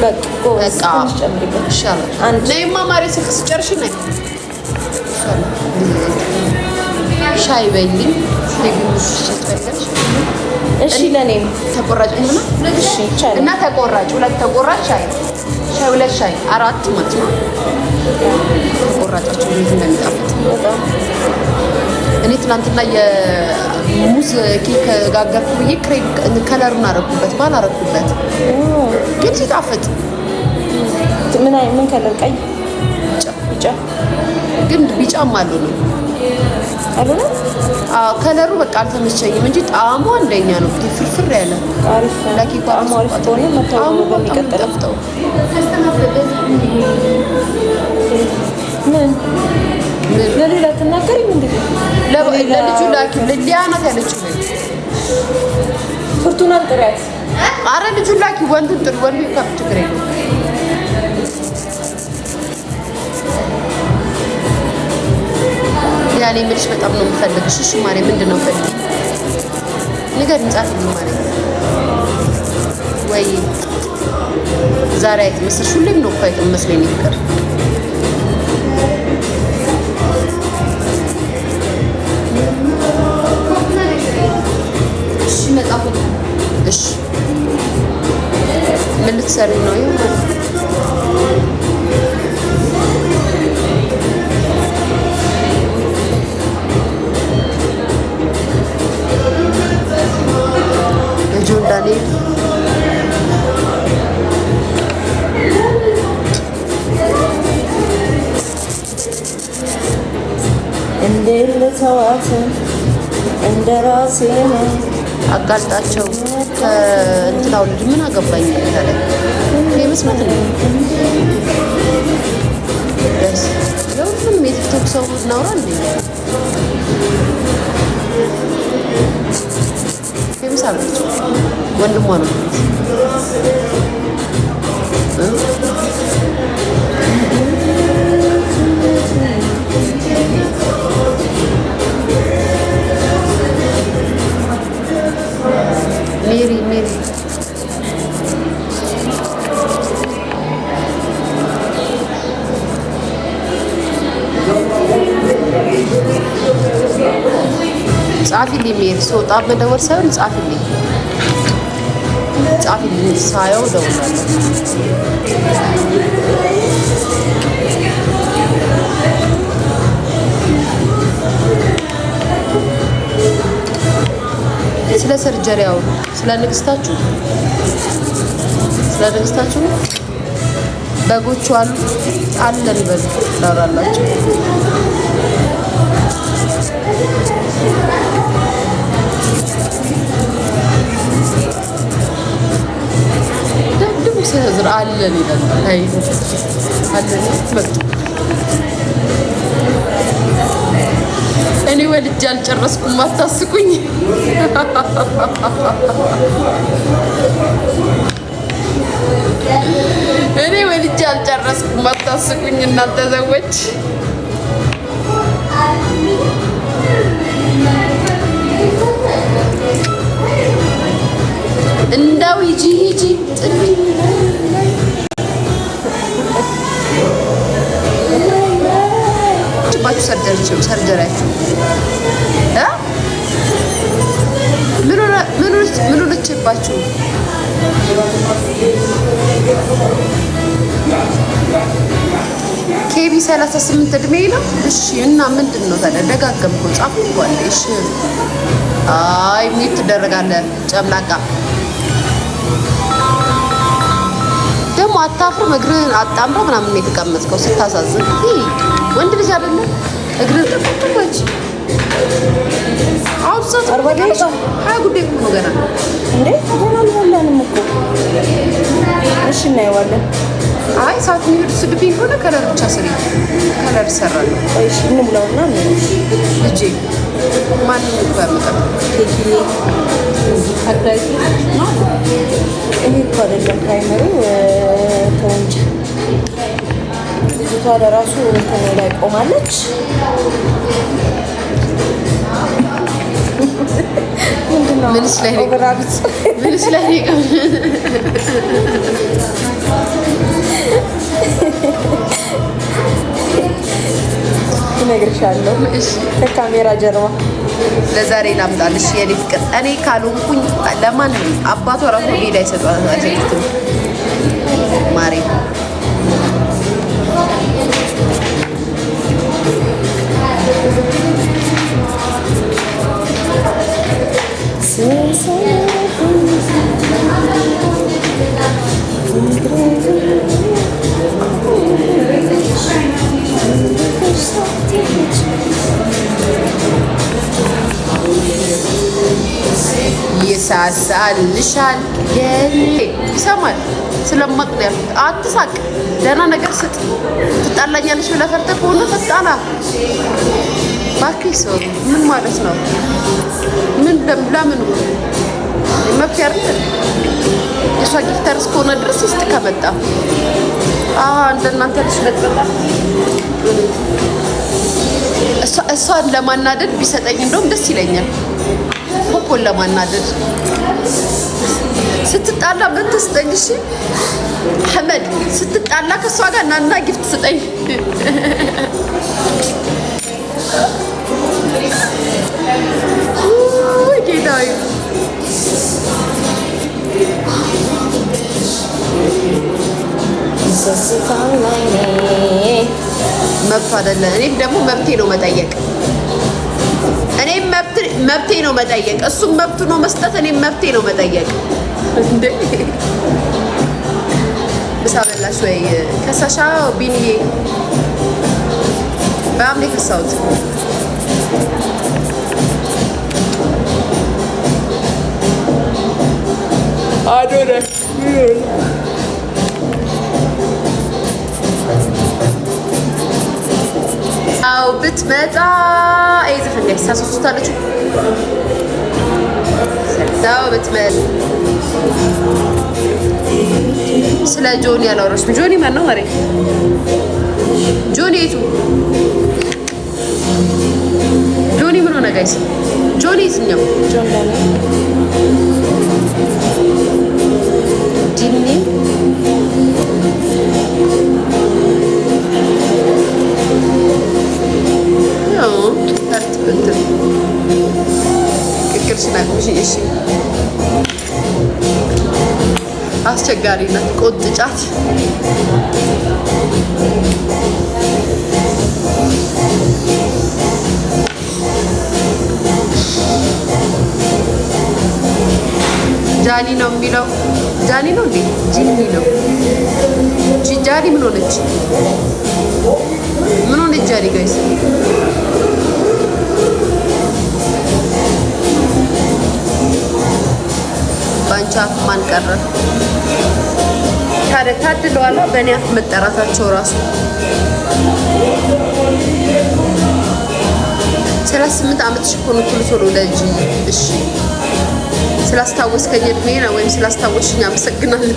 ሻይ በይልኝ። እሺ ለኔም ተቆራጭ እና ተቆራጭ ሁለት ተቆራጭ ሻይ ሻይ ሁለት ሻይ አራት ማለት ነው። ተቆራጫቸው እንዴት እንደሚጣፍጥ እኔ ትናንትና የሙዝ ኬክ ጋገርኩ ብዬ ክሬም ከለሩን አረኩበት ባል አረኩበት ግን ሲጣፍጥ ምን ምን ከለር ቀይ ቢጫ ግን ቢጫም አሉ ነው አሉ ነው። አዎ ከለሩ በቃ አልተመቸኝም እንጂ ጣዕሙ አንደኛ ነው። ፍርፍር ያለ አሪፍ ላኪ ጣዕሙ አሪፍ ሆነ። ጣዕሙ በሚቀጥለው ምን ለሌላ ትናገሪም እንዴ? ለልጁ ላኪ ልሊያ ናት ያለችው ፍርቱናን ጥሪያት አረ ልጁ ላኪ ወንዱን ጥሩ ወንዱ ይከብ ችግር የለውም። ያኔ የምልሽ በጣም ነው የምፈልግሽ። እሺ ማሬ ምንድን ነው ፈልግ ንገሪኝ፣ ጻፊልኝ ማሬ። ወይ ዛሬ አይትመስልሽ? ሁሌም ነው እኮ አይትመስለኝ ፍቅር ልትሰሪ ነው ይሆናል። ልጁን ዳንኤል እንዴት ልተዋት እንደ ራሴ ነው አጋልጣቸው ከእንትናው ልጅ ምን አገባኝ ይላል። ፌመስ ማለት ነው። ለሁሉም የቲክቶክ ሰው እናውራ እንዴ? ፌመስ አለች፣ ወንድሟ ነው ጻፊልኝ የሚሄድ ስወጣ መደወል ሳይሆን ጻፊልኝ ጻፊልኝ ሳየው እደውላለሁ። ስለ ሰርጀሪ አውሩ። ስለ ንግስታችሁ ስለ ንግስታችሁ በጎቹ አሉ አለን በሉ ዳራላችሁ አለን ይላል። አይ አለን እኔ ወልጄ አልጨረስኩም። አታስቁኝ። እኔ ወልጄ አልጨረስኩም። አታስቁኝ እናንተ ሰዎች። እንደው ሂጂ ሂጂ ጥፊ ሰርጀሪያችሁ ምን ሆነችባችሁ? ኬቢ 38 እድሜ ነው። እሺ እና ምንድን ነው ታዲያ? ደጋገምኩ ጻፍኩ። እሺ አይ ሚት ትደረጋለህ ጨምላቃ አታፍርም። እግርህን አጣምረ ምናምን የተቀመጥከው ስታሳዝን። ወንድ ልጅ አይደለ እግርህን ጠቆች አውጥሰት ሀያ ጉዳይ ጉዴ ነው ገና እንዴ ገና ነው ያለንም እኮ እሺ እናየዋለን። አይ ሰዓት የሚሄዱ ስድብ ከሆነ ከለር ብቻ ስሪ፣ ከለር እኮ አይደለም ፕራይመሪው ልጅቷ ለራሱ እንትን ላይ ቆማለች። ምንስ ላይ ምንስ ላይ እነግርሻለሁ ከካሜራ ጀርባ ለዛሬ ላምጣልሽ የኔ ፍቅር። እኔ ካልሆንኩኝ ለማንም አባቷ ራሱ ሄዳ ይሰጧል ማሬ ይሳሳልሻል። ይሰማል ስለማቅሪያ አትሳቅ። ደህና ነገር ስጥ። ትጣላኛለች ብለህ ፈርተህ ከሆነ ትጣላ ባክህ። ሰው ምን ማለት ነው? ምን ለምን መብት ያርግን። ጊፍተር እስከሆነ ድረስ ይስጥ። ከመጣ እንደናንተ ልጅ በጥበጣ እሷን ለማናደድ ቢሰጠኝ እንደውም ደስ ይለኛል። እኮን ለማናደድ ስትጣላ ምን ትስጠኝ? እሺ ሐመድ ስትጣላ ከእሷ ጋር ናና ጊፍት ስጠኝ። ጌታዊ መብቱ አይደለ? እኔም ደግሞ መብቴ ነው መጠየቅ መብቴ ነው መጠየቅ። እሱም መብቱ ነው መስጠት፣ እኔም መብቴ ነው መጠየቅ። እንዴ ምሳ በላሽ ወይ? ከሳሻ ቢኒዬ በአምሌ ከሳሁት አዶነ አው ብትመጣ ይዘፈንዳ ሳሶስታለችው ሰርታው ብትመል ስለ ጆኒ አላወራሽም። ጆኒ ማን ነው? ማሬ ጆኒ የቱ ጆኒ ምን ሆነ ጋይስ? ጆኒ የትኛው ዲኒ አስቸጋሪ ናት። ቆጥጫት ጃኒ ነው የሚለው ጃኒ ነው እንዴ? ጂኒ ነው ጃኒ። ምን ሆነች? ምን ሆነች ጃኒ ጋይስ በአንቺ አፍ ማን ቀረ? ታዲያ ታድለዋላ በእኔ አፍ መጠራታቸው ራሱ ሰላሳ ስምንት ዓመት ሽኮኑ ኩሉ ቶሎ ወዳጅ እሺ ስላስታወስከኝ እድሜ ወይም ስላስታወስሽኝ አመሰግናለሁ።